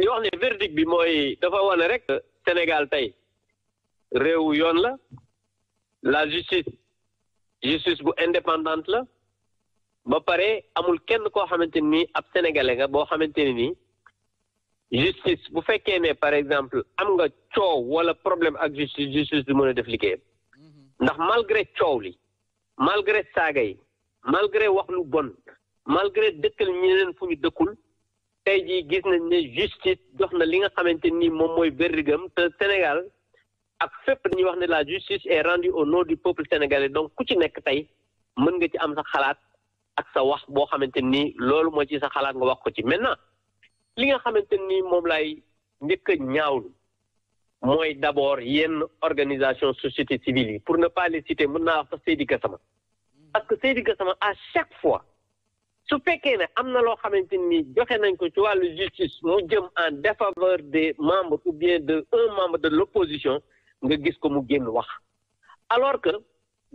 ñu wax ne verdict bi mooy dafa wane rek Sénégal tey réew yoon la la justice justice bu indépendante la ba pare amul kenn koo xamante nii ab sénégalais nga boo xamante ne nii justice bu fekkee ne par exemple am nga coow wala problème ak justice justice du mën a def liggéeyam mhm. ndax malgré coow li malgré saaga yi malgré wax lu bon malgré dëkkal ñeneen fu ñu dëkkul tey jii gis nañ ne justice dox na li nga xamante nii moom mooy verdigam te Sénégal ak fépp dañuy wax ne la justice est rendue au nom du peuple sénégalais donc ku ci nekk tey mën nga ci am sa xalaat ak sa wax boo xamante nii loolu moo ci sa xalaat nga wax ko ci maintenant li nga xamante nii moom laay njëkk a ñaawlu mooy d'abord yenn organisation société civile yi pour ne pas les citer mën naa wax sax Seydi Gassama parce que Seydi Gassama à chaque fois su fekkee ne am na loo xamante ni joxe nañ ko ci wàllu justice mu jëm en défaveur des membres ou bien de un membre de l'opposition nga gis ko mu génn wax alors que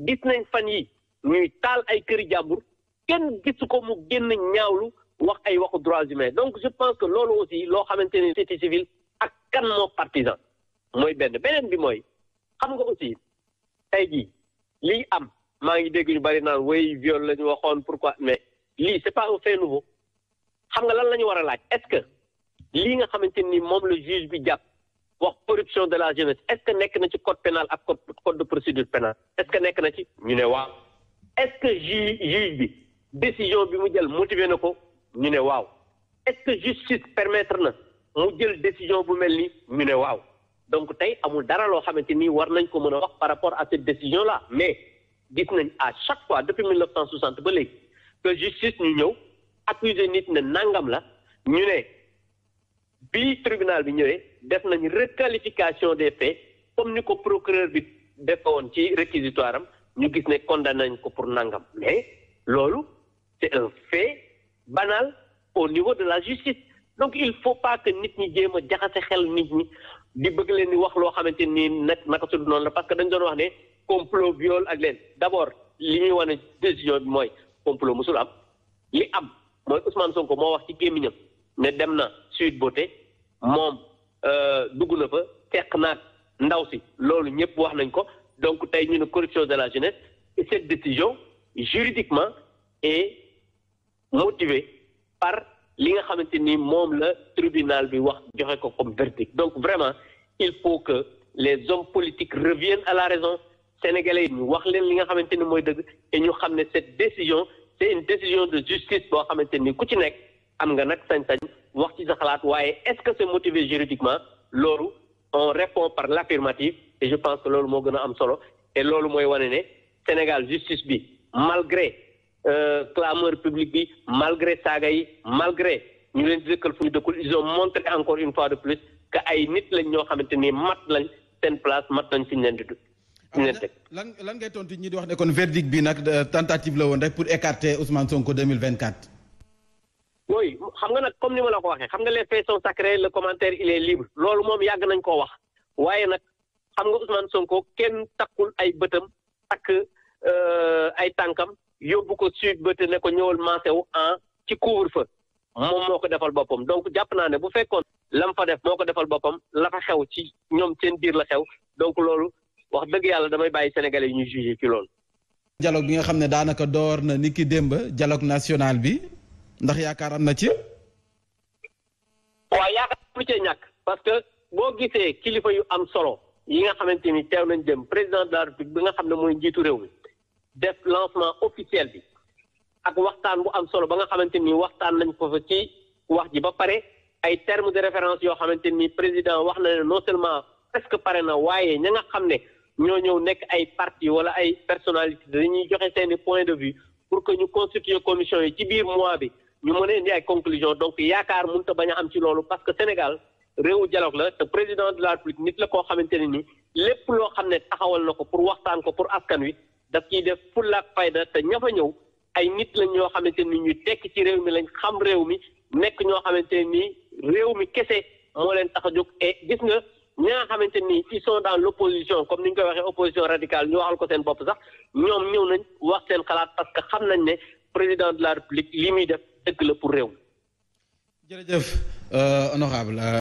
gis nañ fan yi ñuy taal ay këri jàmbur kenn gisu ko mu génn ñaawlu wax ay waxu droits mais donc je pense que loolu aussi loo xamante ni société civile ak kan moo partisan mooy benn beneen bi mooy xam nga aussi tey jii lii am maa ngi dégg ñu bari naan way viol la ñu waxoon pourquoi mais lii c'est pas un fait nouveau xam nga lan la ñu war a laaj est-ce que lii nga xamante ni moom la juge bi jàpp wax corruption de la jeunesse est-ce nekk na ci code pénal ak code de procédure pénale est-ce que nekk na ci ñu ne waaw est-ce ju juge bi décision bi mu jël motivé na ko ñu ne waaw est-ce justice permettre na mu jël décision bu mel ni ñu ne waaw donc tey amul dara loo xamante ni war nañ ko mën a wax par rapport à cette décision là mais gis nañ à chaque fois depuis 1960 ba léegi que justice ñu ñëw accuser nit ne nangam la ñu ne bi tribunal bi ñëwee def nañ requalification des faits comme ni ko procureur bi def ko woon ci réquisitoire am ñu gis ne condamné nañ ko pour nangam mais loolu c'est un fait banal au niveau de la justice donc il faut pas que nit ñi jéem a jaxase xel nit ñi di bëgg leen di wax loo xamante ni nag naka su noonu la parce que dañu doon wax ne complot viol ak leen d'abord li ñuy wane décision bi mooy complot musul am li am mooy Ousmane Sonko moo wax ci gémmiñam ne dem na Sweet Beauté moom euh, dugg na fa fekk naa ndaw si loolu ñëpp wax nañ ko donc tey ñu ne corruption de la jeunesse et cette décision juridiquement est motivée par li nga xamante ni moom la tribunal bi wax joxe ko comme verdict donc vraiment il faut que les hommes politiques reviennent à la raison sénégalais yi ñu wax leen li nga xamante ni mooy dëgg te ñu xam ne cette décision c'est une décision de justice boo xamante ni ku ci nekk am nga nag sañ-sañ wax ci sa xalaat waaye est-ce que se motivé juridiquement loolu on répond par l'affirmative et je pense que loolu moo gën a am solo te loolu mooy wane ne Sénégal justice bi malgré euh, clameur publique bi malgré saaga yi malgré ñu leen di dëkkal fu ñu dëkkul ils ont montré encore une fois de plus que ay nit lañ ñoo xamante ni mat lañ seen place mat lañ fi ñu leen di lan lan ngay tontu ñi di wax ne kon verdict bi nag euh, tentative la woon rek pour écarter Ousmane Sonko 2024. oui xam nga nag comme ni ma la ko waxee xam nga les faits sont la le commentaire il est libre loolu moom yàgg nañ koo wax waaye nag xam nga Ousmane Sonko kenn takkul ay bëtam takk euh, ay tànkam yóbbu ko suite bët ne ko ñëwal mansew en ci couvre-feu ah. moom moo ko defal boppam donc jàpp naa ne bu fekkoon lam fa def moo ko defal boppam la xew ci ñoom seen biir la xew wax dëgg yàlla damay bàyyi sénégalais yi ñuy jugé ci loolu. dialogue bi nga xam ne daanaka door na ni ki démb dialogue national bi ndax yaakaar am na ci. waa yaakaar lu cee ñàkk parce que boo gisee kilifa yu am solo yi nga xamante ni teew nañ dem président de la république bi nga xam ne mooy njiitu réew mi def lancement officiel bi ak waxtaan bu am solo ba nga xamante ni waxtaan nañ ko fa ci wax ji ba pare ay termes de référence yoo xamante ni président wax na ne non seulement ñoo ñëw nekk ay parti wala ay personnalité dañuy joxe seeni point de vue pour que ñu constituer commission yi ci biir mois bi ñu mën a ay conclusion donc yaakaar mënut a bañ a am ci loolu parce que Sénégal réewu dialogue la te président de la République nit la koo xamante ne ni lépp loo xam ne taxawal na ko pour waxtaan ko pour askan wi daf ciy def fulla ak fayda te ña fa ñëw ay nit lañ ñoo xamante ni ñu tekk ci réew mi lañ xam réew mi nekk ñoo xamante ni réew mi kese moo leen tax a jóg et gis ñi nga xamante ni ils sont dans l' comme ni ñu koy waxee opposition radicale ñu waxal ko seen bopp sax ñoom ñëw nañ wax seen xalaat parce que xam nañ ne président de la république li muy def dëgg la pour réew. jërëjëf euh, honorable euh,